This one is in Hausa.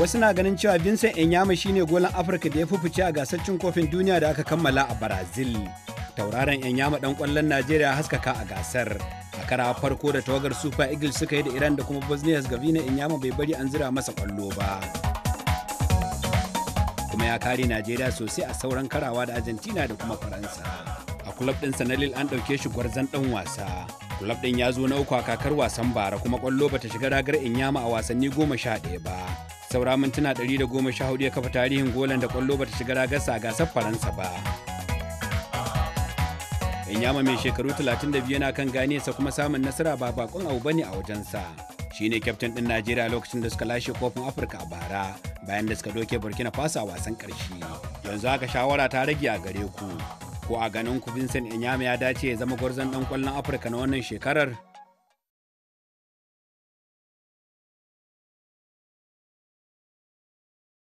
wasu na ganin cewa vincent enyama shine golan afirka da ya fi fice a gasar cin kofin duniya da aka kammala a brazil tauraron enyama dan kwallon najeriya haskaka a gasar a kara farko da tawagar super eagles suka yi da iran da kuma bosnia herzegovina enyama bai bari an zira masa kwallo ba kuma ya kare najeriya sosai a sauran karawa da argentina da kuma faransa a kulab sa na lil an ɗauke shi gwarzan ɗan wasa kulab ɗin ya zo na uku a kakar wasan bara kuma kwallo bata shiga ragar inyama a wasanni goma sha daya ba saura mintuna 114 ya kafa tarihin golan da kwallo bata shiga ragarsa a gasar faransa ba yama mai shekaru 32 yana kan gane sa kuma samun nasara ba bakon abu bane a wajensa ne kyaftin din najeriya lokacin da suka lashe kofin afirka a bara bayan da suka doke burkina faso a wasan karshe yanzu haka shawara ta rage a gare ku ko a ganin ku vincent inyama ya dace ya zama gwarzon dan kwallon afirka na wannan shekarar